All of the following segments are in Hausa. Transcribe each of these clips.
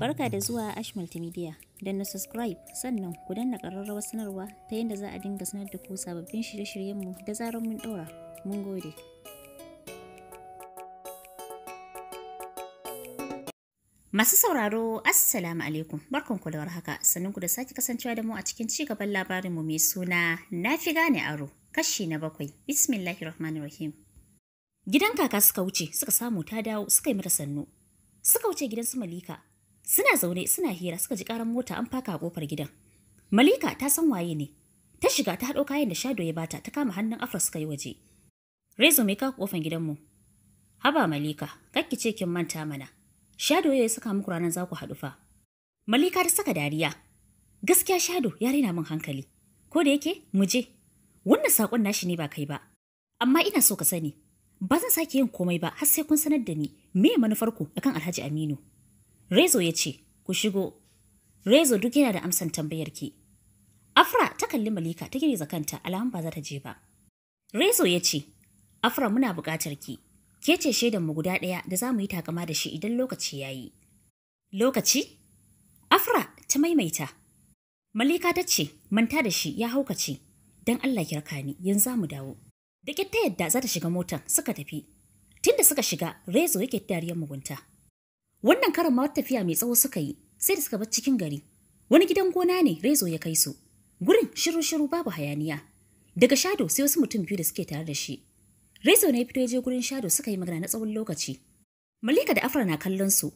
Barka da zuwa Ash Multimedia. Don na subscribe sannan ku danna ƙararrawar sanarwa ta yadda za a dinga sanar da ku sababbin shirye-shiryenmu da zarar mun ɗora. Mun gode. Masu sauraro, Assalamu alaikum, barkan ku da warhaka, sannan ku da sake kasancewa da mu a cikin ci gaban labarinmu mai suna na fi gane aro, kashi na bakwai, Bismillahirrahmanirrahim. Gidan kaka suka wuce, suka samu ta dawo, suka yi mata sannu. Suka wuce gidan su Malika, Suna zaune suna hira suka ji karan mota an faka a kofar gidan. Malika ta san waye ne. Ta shiga ta haɗo kayan da Shado ya bata ta kama hannun Afra suka yi waje. Rezo mai kawo kofar gidanmu. Haba Malika, kakki ce kin manta mana. Shado ya saka muku ranar za ku haɗu fa. Malika ta saka dariya. Gaskiya Shado ya rina min hankali. Ko da yake mu je. Wannan sakon nashi ne ba kai ba. Amma ina so ka sani. Ba zan sake yin komai ba har sai kun sanar da ni me manufar ku akan Alhaji Aminu. Rezo ya ce, Ku shigo. Rezo duk yana da amsan tambayarki. Afra ta kalli Malika ta girgiza kanta alamun ba za ta je ba. Rezo ya ce, Afra muna buƙatar ki. Ke ce shaidan mu guda ɗaya da za mu yi takama da shi idan lokaci ya yi. Lokaci? Afra ta maimaita. Malika ta ce, manta da shi ya haukace, don Allah kirka ni yanzu za mu dawo. Da ta yadda za ta shiga motar suka tafi. Tunda suka shiga, Rezo yake dariyar mugunta. Wannan karan ma tafiya mai tsawo suka yi, sai da suka bar cikin gari. Wani gidan gona ne Rezo ya kai su. Gurin shiru-shiru babu hayaniya. Daga Shado sai wasu mutum biyu da suke tare da shi. Rezo ne ya fito ya je gurin Shado suka yi magana na tsawon lokaci. Malika da Afra na kallon su.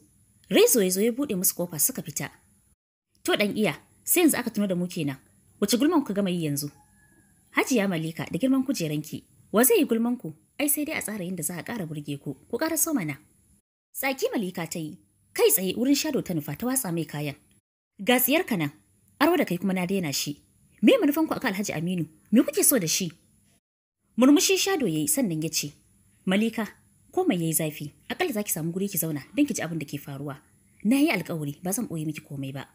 Rezo ya zo ya bude musu kofa suka fita. To dan iya, sai yanzu aka tuno da mu kenan. Wace gulman ku gama yi yanzu? Hajiya Malika da girman kujeranki. Wa zai yi gulman ku? Ai sai dai a tsara yadda za a kara burge ku. Ku kara so mana. Tsaki Malika ta yi, kai tsaye wurin Shadow ta nufa ta watsa mai kayan. Ga ka nan, arwa da kai kuma na daina shi. Me manufan ku aka Alhaji Aminu? Me kuke so da shi? Murmushi Shadow yayi sannan ya ce, Malika, komai yi zafi, akalla zaki samu guri ki zauna don ki ji abin da ke faruwa. Na yi alkawari ba zan ɓoye miki komai ba.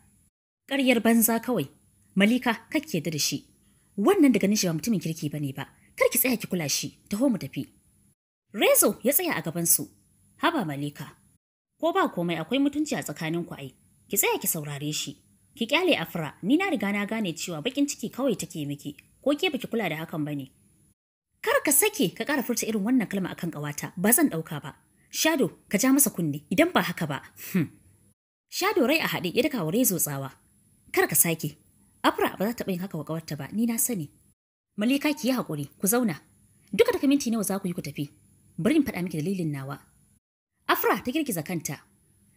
Ƙaryar banza kawai. Malika, ki yarda da shi. Wannan daga nishi ba mutumin kirki bane ba. Kar ki tsaya ki kula shi, taho mu tafi. Rezo ya tsaya a gabansu. Haba Malika, ko ba komai akwai mutunci a ku ai, ki tsaya ki saurare shi. Ki kyale Afra, ni na riga na gane cewa bakin ciki kawai take miki, ko ke baki kula da hakan bane. Kar ka sake ka ƙara furta irin wannan kalma akan ƙawata, ba zan ɗauka ba. Shado, ka ja masa kunne idan ba haka ba. Hmm. Shado rai a haɗe ya daka wa zotsawa tsawa. Kar ka sake. Afra ba za ta yin haka wa ƙawarta ba, ni na sani. Malika ki yi hakuri ku zauna. Duka daga minti nawa za ku yi ku tafi. Bari in faɗa miki dalilin nawa. Afra ta girgiza kanta.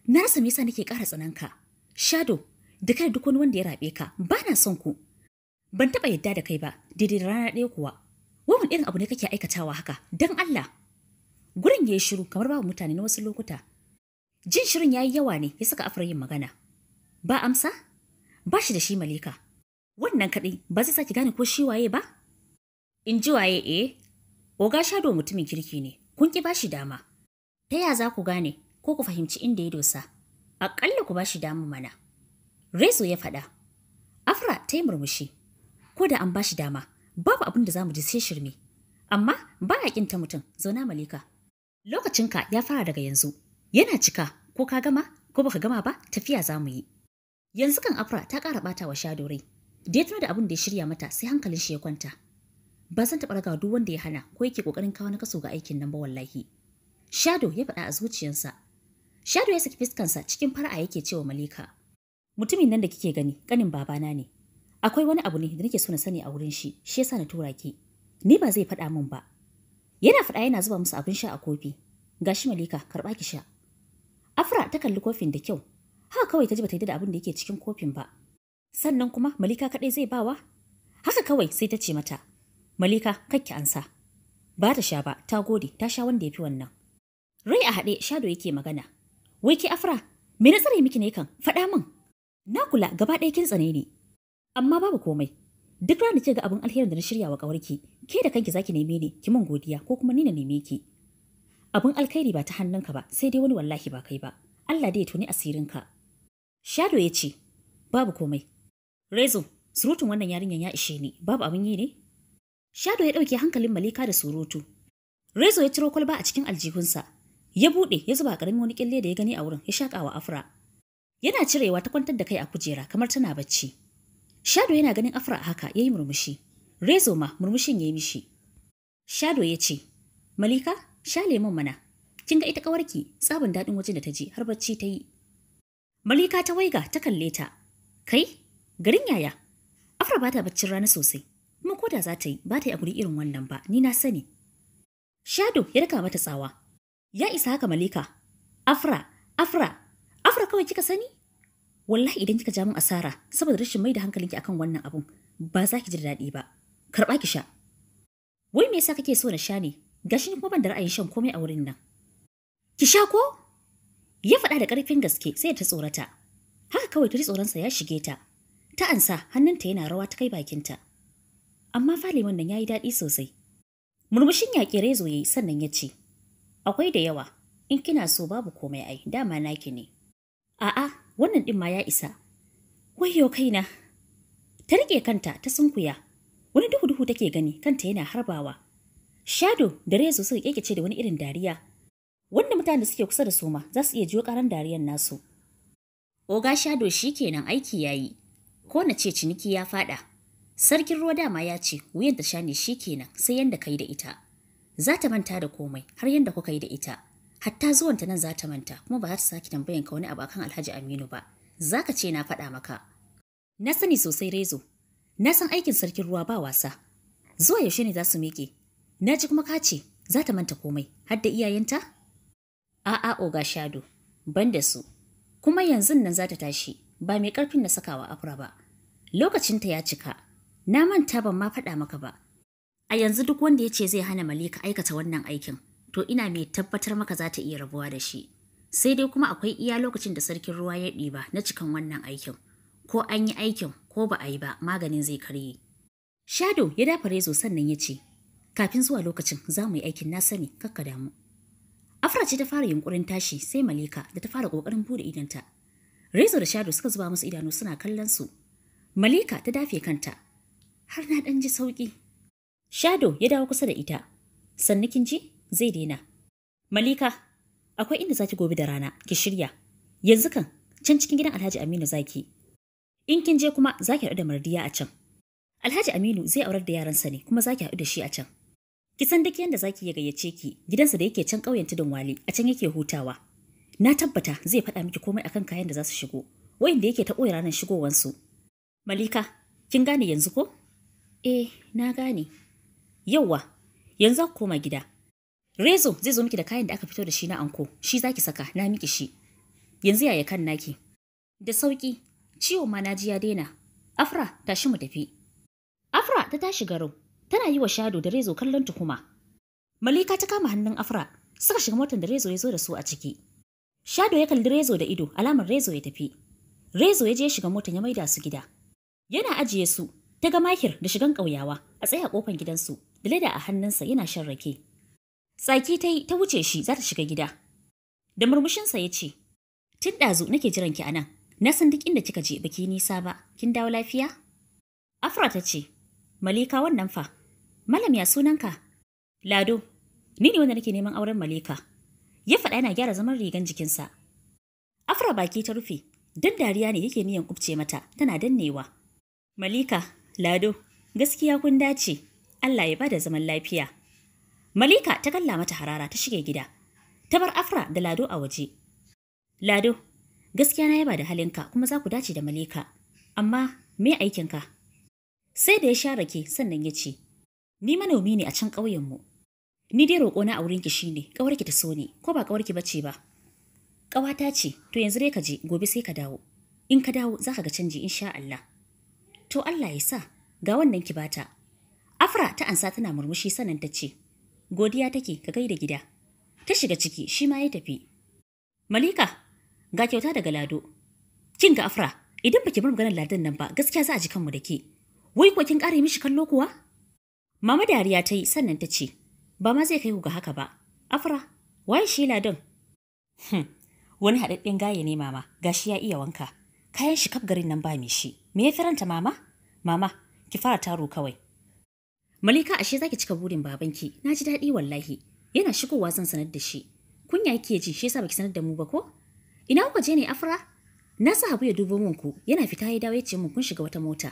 Na rasa me yasa nake ƙara tsananka. Shadow, da kai duk wani wanda ya rabe ka, ba na son ku. Ban taɓa yadda da kai ba, daidai da rana ɗaya kuwa. Wani irin abu ne kake aikatawa haka, dan Allah. Gurin ya yi shiru kamar babu mutane na wasu lokuta. Jin shirin ya yi yawa ne ya saka Afra yin magana. Ba amsa? Ba shi da shi Malika. Wannan kaɗai ba zai sake gane ko shi waye ba? In ji waye eh? Oga Shadow mutumin kirki ne, kun ƙi ba shi dama. Ta ya za ku gane ko ku fahimci inda ya dosa? Aƙalla ku bashi shi damu mana. Rezo ya faɗa. Afra ta yi murmushi. Ko da an ba shi dama, babu abin da za mu ji sai shirme. Amma ba a ƙinta mutum, zauna malika. Lokacinka ya fara daga yanzu. Yana cika, ko ka gama, ko baka gama ba, tafiya za mu yi. Yanzu kan Afra ta ƙara ɓata wa Shado Da ya tuna da abin da ya shirya mata sai hankalin shi ya kwanta. Ba zan taɓa ragawa duk wanda ya hana ko yake ƙoƙarin kawo na kaso ga aikin nan ba wallahi. Shado ya faɗa a zuciyarsa. Shado ya saki fiskansa cikin fara'a yake cewa Malika. Mutumin nan da kike gani kanin babana ne. Akwai wani abu ne da nake so na sani a wurin shi, shi yasa na tura ki. Ni ba zai faɗa min ba. Yana faɗa yana zuba musu abin sha a kofi. Gashi Malika karɓa ki sha. Afra ta kalli kofin da kyau. Haka kawai ta ji bata yi da abin da yake cikin kofin ba. Sannan kuma Malika kaɗai zai bawa? Haka kawai sai ta ce mata, Malika kakki ansa. Ba ta sha ba, ta gode, ta sha wanda ya fi wannan. Rai a haɗe Shado yake magana. Wai ke Afra, me na tsare miki ne kan? Faɗa min. Na kula gaba ɗaya kin tsane ni. Amma babu komai. Duk ranar ki ga abin alherin da na shirya wa ƙawarki, ke da kanki zaki neme ni, ki min godiya ko kuma ni na neme ki. Abin alkhairi ba ta hannunka ba, sai dai wani wallahi ba kai ba. Allah dai ya tuni asirinka. Shado ya ce, babu komai. Rezo, surutun wannan yarinyar ya ishe ni, babu abin yi ne? Shado ya ɗauke hankalin Malika da surutu. Rezo ya ciro kwalba a cikin aljihunsa, Ya buɗe, ya zuba ƙaramin wani ƙyalle da ya gani a wurin, ya shaƙawa Afra. Yana cirewa ta kwantar da kai a kujera kamar tana bacci. Shado yana ganin Afra a haka, ya yi murmushi. Rezo ma murmushin ya yi mishi. Shado ya ce, Malika, sha lemon mana. Kin ga ita ƙawarki, tsabin daɗin wajen da ta je, har bacci ta yi. Malika ta waiga ta kalle ta. Kai, garin yaya? Afra ba ta baccin rana sosai. Kuma ko da za ta yi, ba ta yi a guri irin wannan ba, ni na sani. Shado ya raka mata tsawa, Ya isa haka Malika. Afra, Afra, Afra kawai kika sani? Wallahi idan kika ja min asara saboda rashin mai da hankalinki akan wannan abun ba za ki ji daɗi ba. Karɓa ki sha. Wai me yasa kake so na sha ne? Gashi kuma ban da ra'ayin shan komai a wurin nan. Ki sha ko? Ya faɗa da ƙarfin gaske sai ta tsorata. Haka kawai ta ji tsoronsa ya shige ta. Ta ansa hannunta yana rawa ta kai bakinta. Amma faleman nan ya yi daɗi sosai. Murmushin yaƙi rezo yayi sannan ya ce, Akwai da yawa, in kina so babu komai ai, dama naki ne. A'a, wannan ɗin ma ya isa. wayo kaina, ta rike kanta ta sunkuya, wani duhu-duhu take gani kanta yana harbawa. Shadow da Rezo suka kekece da wani irin dariya. Wanda mutanen da suke kusa da su ma za su iya jiyo karan dariyan nasu. Oga Shadow shi kenan aiki yayi. Ko na ce ciniki ya fada. Sarkin ruwa dama ya ce wuyan ta shane shi kenan sai yanda kai da ita. za ta manta da komai har yadda kuka yi da ita hatta zuwanta nan za ta manta kuma ba za ta sake tambayan ka wani abu akan Alhaji Aminu ba za ka ce na faɗa maka na sani sosai Rezo na san aikin sarkin ruwa ba wasa zuwa yaushe ne za su miƙe na ji kuma ka ce za ta manta komai har da iyayenta a'a oga shado ban da su kuma yanzu nan za ta tashi ba mai ƙarfin na sakawa afra ba lokacinta ya cika na manta ban ma faɗa maka ba A yanzu duk wanda ya ce zai hana Malika aikata wannan aikin, to ina mai tabbatar maka za ta iya rabuwa da shi. Sai dai kuma akwai iya lokacin da sarkin ruwa ya ɗiba na cikin wannan aikin. Ko an yi aikin ko ba a yi ba maganin zai karye. Shado ya dafa rezo sannan ya ce, Kafin zuwa lokacin za mu yi aikin na sani kakka damu. Afra ce ta fara yunkurin tashi sai Malika da ta fara kokarin bude idanta. Rezo da shado suka zuba musu idanu suna kallon su. Malika ta dafe kanta. Har na dan ji sauki Shado ya dawo kusa da ita. Sannu kin ji? Zai daina. Malika, akwai inda zaki gobe da rana, ki shirya. Yanzu kan, can cikin gidan Alhaji Aminu zaki. In kin je kuma zaki haɗu da mardiya a can. Alhaji Aminu zai aurar da yaransa ne kuma zaki haɗu da shi a can. Ki san duk yanda zaki ya gayyace ki, gidansa da yake can ƙauyen tudun wali, a can yake hutawa. Na tabbata zai faɗa miki komai akan kayan da za su shigo, wayanda yake ta ɓoye ranar shigowansu. Malika, kin gane yanzu ko? Eh, na gane. Yauwa, yanzu ku koma gida. Rezo zai zo miki da kayan da aka fito da shi na anko, shi zaki saka, na miki shi. Yanzu yaya kan naki? Da sauki, ciwon ma naji ya daina. Afra, tashi mu tafi. Afra ta tashi garau, tana yi wa Shado da Rezo kallon tuhuma. Malika ta kama hannun Afra, suka shiga motar da Rezo ya zo da su a ciki. Shado ya kalli Rezo da ido, alamar Rezo ya tafi. Rezo ya je shiga motar ya maida su gida. Yana ajiye su, ta ga Mahir da shigan ƙauyawa a tsaye a ƙofar gidansu. da leda a hannunsa yana shan rake. Tsaki ta yi ta wuce shi za ta shiga gida. Da murmushinsa ya ce, Tun ɗazu nake jiran ki a nan, na san duk inda kika je baki nisa ba, kin dawo lafiya? Afra ta ce, Malika wannan fa, Malam ya sunanka? Lado, ni ne wanda nake neman auren Malika. Ya faɗa yana gyara zaman rigan jikinsa. Afra baki ta rufe, dan dariya ne yake niyan kubce mata, tana dannewa. Malika, Lado, gaskiya kun dace. Allah ya bada zaman lafiya. Malika ta kalla mata harara ta shige gida. Ta bar Afra da Lado a waje. Lado, gaskiya na yaba da halinka kuma za ku dace da Malika. Amma me aikinka? Sai da ya sha rake sannan ya ce, Ni manomi ne a can ƙauyenmu. Ni dai na a wurinki ne ƙawarki ta so ne, ko ba ƙawarki bace ba. Ƙawata ce, to yanzu dai ka je, gobe sai ka dawo. In ka dawo za ka ga canji insha Allah. To Allah ya sa, ga wannan ki bata, Afra ta ansa tana murmushi sanan ta ce, Godiya take ka gaida gida. Ta shiga ciki shi ma ya tafi. Malika, ga kyauta daga Lado. Kin ga Afra, idan baki bar maganar Ladon nan ba, gaskiya za a ji kanmu da ke. Wai ko kin ƙara mishi kallo kuwa? Mama dariya ta yi sannan ta ce, Ba ma zai kai ku ga haka ba. Afra, waye shi Ladon? Hmm, wani haɗaɗɗen gaye ne mama, gashi ya iya wanka. Kayan shi kaf garin nan ba mai shi. Me ya faranta mama? Mama, ki fara taro kawai. Malika ashe zaki cika burin babanki. Na ji daɗi wallahi. Yana shigowa zan sanar da shi. Kunya yake ji shi yasa baki sanar da mu ba ko? Ina kuka je ne Afra? Na sa Habu ya dubo mun ku. Yana fita ya dawo ya mun kun shiga wata mota.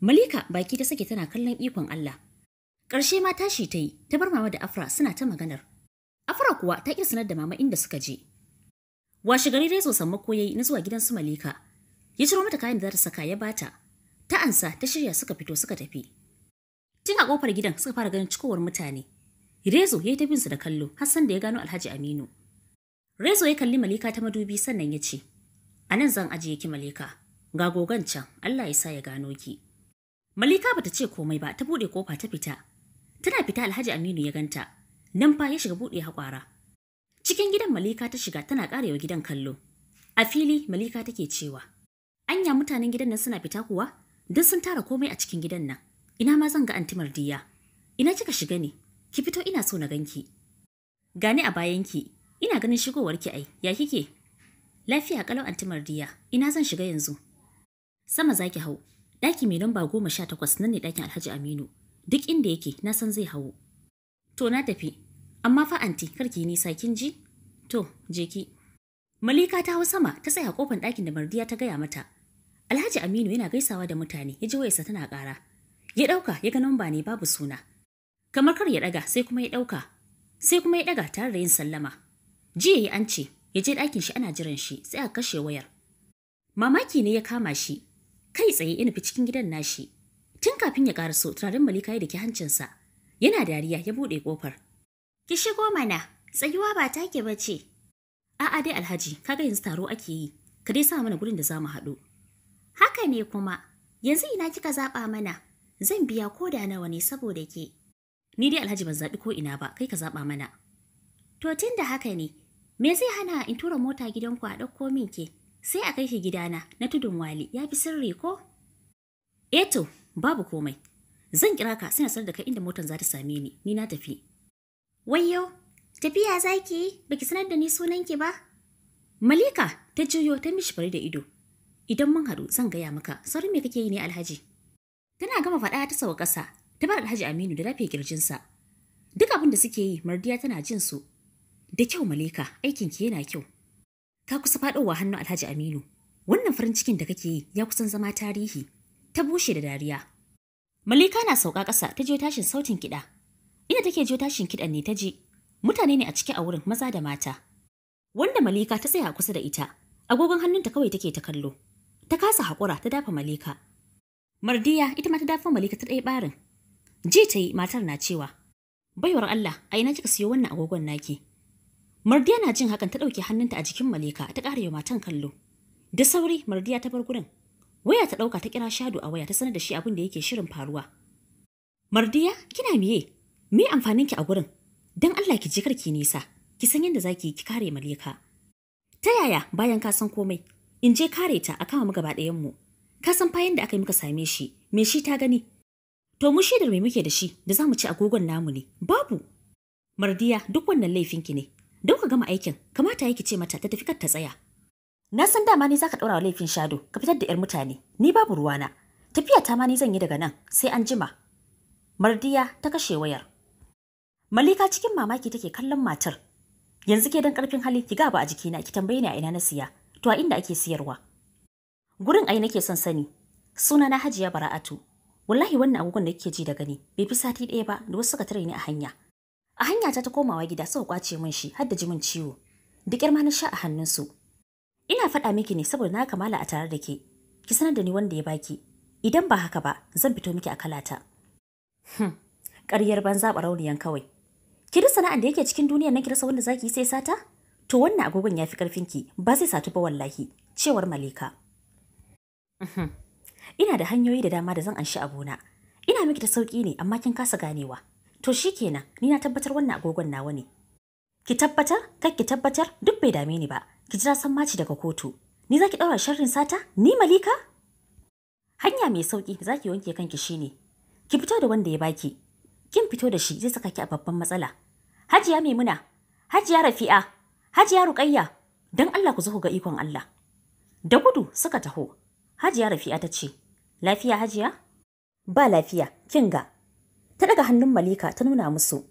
Malika baki ta sake tana kallon ikon Allah. Karshe ma tashi ta yi, ta bar mama da Afra suna ta maganar. Afra kuwa ta ƙi sanar da mama inda suka je. Washe gari dai sosan mako yayi na zuwa gidan su Malika. Ya ciro mata kayan da za ta saka ya bata. Ta ansa ta shirya suka fito suka tafi. Tun a kofar gidan suka fara ganin cikowar mutane. Rezo ya yi ta bin su da kallo Hassan da ya gano Alhaji Aminu. Rezo ya kalli Malika ta madubi sannan ya ce, "A nan zan ajiye ki Malika, ga gogon can, Allah ya sa ya gano ki." Malika bata ce komai ba, ta buɗe kofa ta fita. Tana fita Alhaji Aminu ya ganta, nan fa ya shiga buɗe haƙwara. Cikin gidan Malika ta shiga tana wa gidan kallo. A fili Malika take cewa, Anya mutanen gidan nan suna fita kuwa? Don sun tara komai a cikin gidan nan. Ina ma zan ga anti Mardiya. Ina kika shiga ne? Ki fito ina so na ganki. Gani a bayanki. Ina ganin shigowar ki ai. Ya kike? Lafiya kalau anti Mardiya. Ina zan shiga yanzu? Sama zaki hau. Ɗaki mai lamba goma sha takwas nan ne dakin Alhaji Aminu. Duk inda yake na san zai hau. To na tafi. Amma fa anti karki nisa kin ji? To, je ki. Malika ta hau sama ta tsaya kofar ɗakin da Mardiya ta gaya mata. Alhaji Aminu yana gaisawa da mutane, ya ji wayarsa tana ƙara. Ya ɗauka ya ga namba ne babu suna. Kamar kar ya ɗaga sai kuma ya ɗauka. Sai kuma ya ɗaga tare da yin sallama. Jiya ya ance ya je ɗakin shi ana jiran shi sai a kashe wayar. Mamaki ne ya kama shi. Kai tsaye ina fi cikin gidan nashi. Tun kafin ya ƙaraso turaren malika ya daki hancinsa. Yana dariya ya buɗe ƙofar. Ki shigo mana, tsayuwa ba take ba ce. A'a dai Alhaji, kaga yanzu taro ake yi, ka dai sa mana gurin da za mu haɗu. Haka ne kuma, yanzu ina kika zaɓa mana. zan biya ko da nawa ne saboda ke. Ni dai Alhaji ban zaɓi ko ina ba, kai ka zaɓa mana. To tun da haka ne, me zai hana in tura mota gidanku a ɗauko min ke? Sai a kai shi gidana na tudun wali, ya fi sirri ko? Eto, eh babu komai. Zan kira ka sai na sanar da kai inda motar za ta same ni, ni na tafi. Wayyo, tafiya za ki yi, baki sanar da ni sunan ki ba? Malika ta juyo ta mishi bari da ido. Idan mun haɗu zan gaya maka, saurin me kake yi ne Alhaji? Tana gama faɗa ta sauka ƙasa, ta bar Alhaji Aminu da rafe kirjinsa. Duk abin da suke yi, Mardiya tana jin su. Da kyau Malika, aikin ki yana kyau. Ka kusa faɗowa hannu Alhaji Aminu. Wannan farin cikin da kake yi ya kusan zama tarihi. Ta bushe da dariya. Malika na sauka ƙasa ta je tashin sautin kiɗa. Ina take je tashin kiɗan ne ta je. Mutane ne a cike a wurin maza da mata. Wanda Malika ta tsaya kusa da ita, agogon hannunta kawai take ta kallo. Ta kasa haƙura ta dafa Malika. Mardiya ita ma ta dafa Malika ta ɗaya ɓarin. je ta yi matar na cewa, Baiwar Allah, a ina kika siyo wannan agogon naki. Mardiya na jin hakan ta ɗauke hannunta a jikin Malika ta ƙara wa matan kallo. Da sauri Mardiya ta bar gurin. Waya ta ɗauka ta kira Shadu a waya ta sanar da shi abin da yake shirin faruwa. Mardiya, kina miye? Me ki a gurin? Dan Allah ki je ki nisa. Ki san yadda zaki ki kare Malika. Ta yaya bayan ka san komai? In je kare ta a kama mu gaba ɗayan mu. Ka san fa yadda aka yi muka same shi, me shi ta gani? To mu shaidar mai muke da shi da za mu ci agogon namu ne? Babu. Mardiya duk wannan laifinki ne. Don ka gama aikin, kamata yake ce mata ta tafi kar ta tsaya. Na san dama ne za ka ɗora laifin shado, ka fitar da ‘yar mutane, ni babu ruwana. Tafiya ta ma ni zan yi daga nan, sai an jima. Mardiya ta kashe wayar. Malika cikin mamaki take kallon matar. Yanzu ke dan karfin hali ki ga ba a jikina ki tambaye ni a ina na siya. To a inda ake siyarwa. Gurin ai nake son sani. Suna na Hajiya Bara'atu. Wallahi wannan agogon da kike ji da gani bai fi sati ɗaya ba da wasu suka tare ni a hanya. A hanya ta ta komawa gida suka kwace min shi har da ji min ciwo. Duk ma na sha a hannunsu. Ina faɗa miki ne saboda na kamala a tare da ke. Ki sanar da ni wanda ya baki. Idan ba haka ba zan fito miki a kalata. Hmm. Ƙaryar banza ɓarauniyan kawai. Ki da sana'an da yake cikin duniyar nan ki rasa wanda zaki yi sai sata? To wannan agogon ya fi ƙarfinki ba zai satu ba wallahi. Cewar Malika. Mhm. Ina da hanyoyi da dama da zan anshi gona. Ina miki da sauki ne amma kin kasa ganewa. To shi kenan, ni na tabbatar wannan agogon nawa ne. Ki tabbatar, kar ki tabbatar duk bai dame ni ba. Ki jira san maci daga kotu. Ni zaki ki ɗaura sharrin sata? Ni malika? Hanya mai sauƙi za ki wanke kanki shine. Ki fito da wanda ya baki. Kin fito da shi zai saka ki a babban matsala. Hajiya Maimuna, Hajiya Rafi'a, Hajiya Ruqayya, dan Allah ku zo ku ga ikon Allah. Da gudu suka taho. Hajiya Rafi'a ta ce, Lafiya Hajiya? Ba lafiya, kin ga. Ta daga hannun Malika ta nuna musu.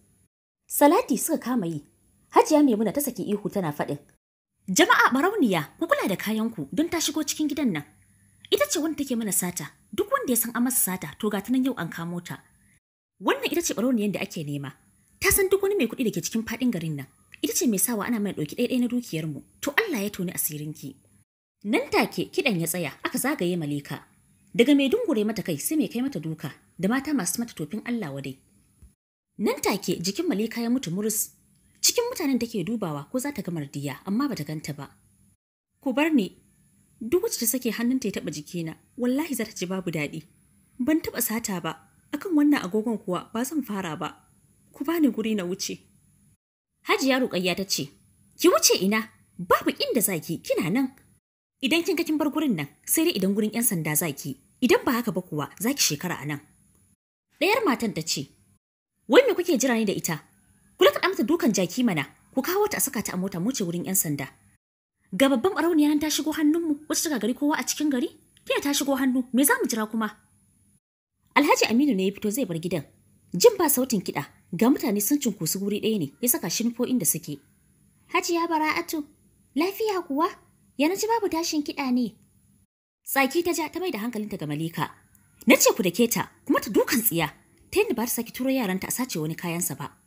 Salati suka kama yi. Hajiya Maimuna ta saki ihu tana faɗin. Jama'a barauniya, ku kula da kayanku don ta shigo cikin gidan nan. Ita ce wanda take mana sata, duk wanda ya san an masa sata to ga ta nan yau an kamo ta. Wannan ita ce barauniyan da ake nema. Ta san duk wani mai kuɗi da ke cikin faɗin garin nan. Ita ce mai sawa ana mai ɗauki ɗaiɗai na dukiyarmu. To Allah ya toni asirinki. Nan take kiɗan ya tsaya aka zagaye Malika. Daga mai dungure mata kai sai mai kai mata duka da mata masu mata tofin Allah wadai. Nan take jikin Malika ya mutu murus. Cikin mutanen take dubawa ko za ta ga mardiya amma bata ganta ba. Ku bar ni. Duk wacce ta sake hannun hannunta ya taɓa jikina wallahi za ta ji babu daɗi. Ban taɓa sata ba akan wannan agogon kuwa ba zan fara ba. Ku bani guri na wuce. Hajiya Ruƙayya ta ce, Ki wuce ina, babu inda zaki kina nan, Idan kin ga kin bar gurin nan, sai dai idan gurin 'yan sanda za ki, idan ba haka ba kuwa za ki shekara a nan. Ɗayar matan ta ce, Wai me kuke jira ne da ita? Ku lakaɗa amsa dukan jaki mana, ku kawo ta a saka ta a mota mu ce wurin 'yan sanda. Ga babban ɓarauniya nan ta shigo hannunmu, wata ta gari kowa a cikin gari? Kina ta shigo hannu, me za mu jira kuma? Alhaji Aminu ne ya fito zai bar gidan. Jin ba sautin kiɗa, ga mutane sun cunkosu guri ɗaya ne, ya saka shi nufo inda suke. Hajiya Bara'atu, lafiya kuwa? Ya babu tashin kiɗa ne. Tsaki ta ja ta mai da hankalinta ga Malika. Na ce ku da keta kuma ta dukan tsiya ta yadda ba ta saki turo yaranta a sace wani kayansa ba.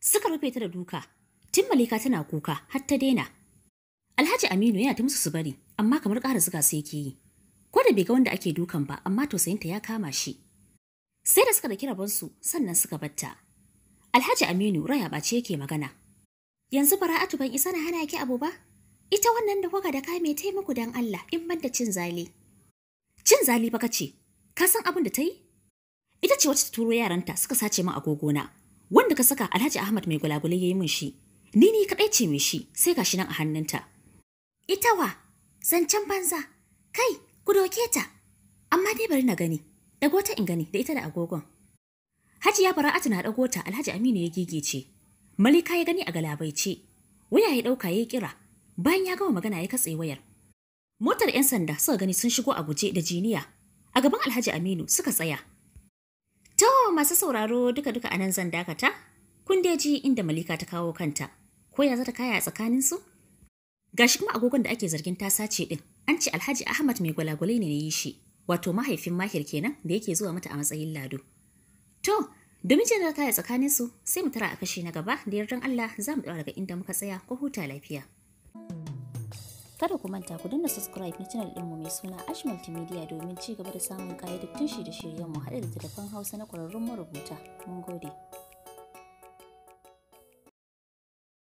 Suka rufe ta da duka. Tun Malika tana kuka har ta daina. Alhaji Aminu yana ta musu su bari amma kamar ƙara zuga sai ke yi. Ko da bai ga wanda ake dukan ba amma tausayinta ya kama shi. Sai da suka da kirabansu sannan suka batta. Alhaji Aminu raya ɓace yake magana. Yanzu Bara'atu ban isa na hana ki abu ba? Ita wannan da kwaga da ka mai ta muku don Allah in banda cin zali. Cin zali baka ce, ka san abin da ta yi? Ita ce wacce ta turo yaranta suka sace min agogona, wanda ka saka Alhaji Ahmad mai gulagulai ya yi min shi. Ni ni kaɗai ce mai shi sai ka shi nan a hannunta. Ita wa, zancen banza, kai, ku doke ta. Amma dai bari na gani, ɗago ta in gani da ita da agogon. Hajiya Bara'atu na ɗago ta Alhaji Aminu ya gigice. Malika ya gani a galabaice. Waya ya ɗauka ya yi kira, Bayan ya gama magana ya katse wayar. Motar 'yan sanda suka gani sun shigo a guje da jiniya. A gaban Alhaji Aminu suka tsaya. To masu sauraro duka-duka anan zan dakata. Kun dai ji inda Malika ta kawo kanta. Ko ya zata kaya a tsakanin su? Gashi kuma agogon da ake zargin ta sace din. An ce Alhaji Ahmad mai gwalagwale ne yi shi. Wato mahaifin Mahir kenan da yake zuwa mata a matsayin Lado. To, domin jin kaya tsakanin su, sai mu tara a kashi na gaba da yardan Allah za mu daga inda muka tsaya ko huta lafiya. Kada ku manta ku danna subscribe na channel ɗinmu mai suna Ash Multimedia domin ci gaba da samun ƙayyadattun shirye mu haɗa da telefon Hausa na ƙwararrun marubuta. Mun gode.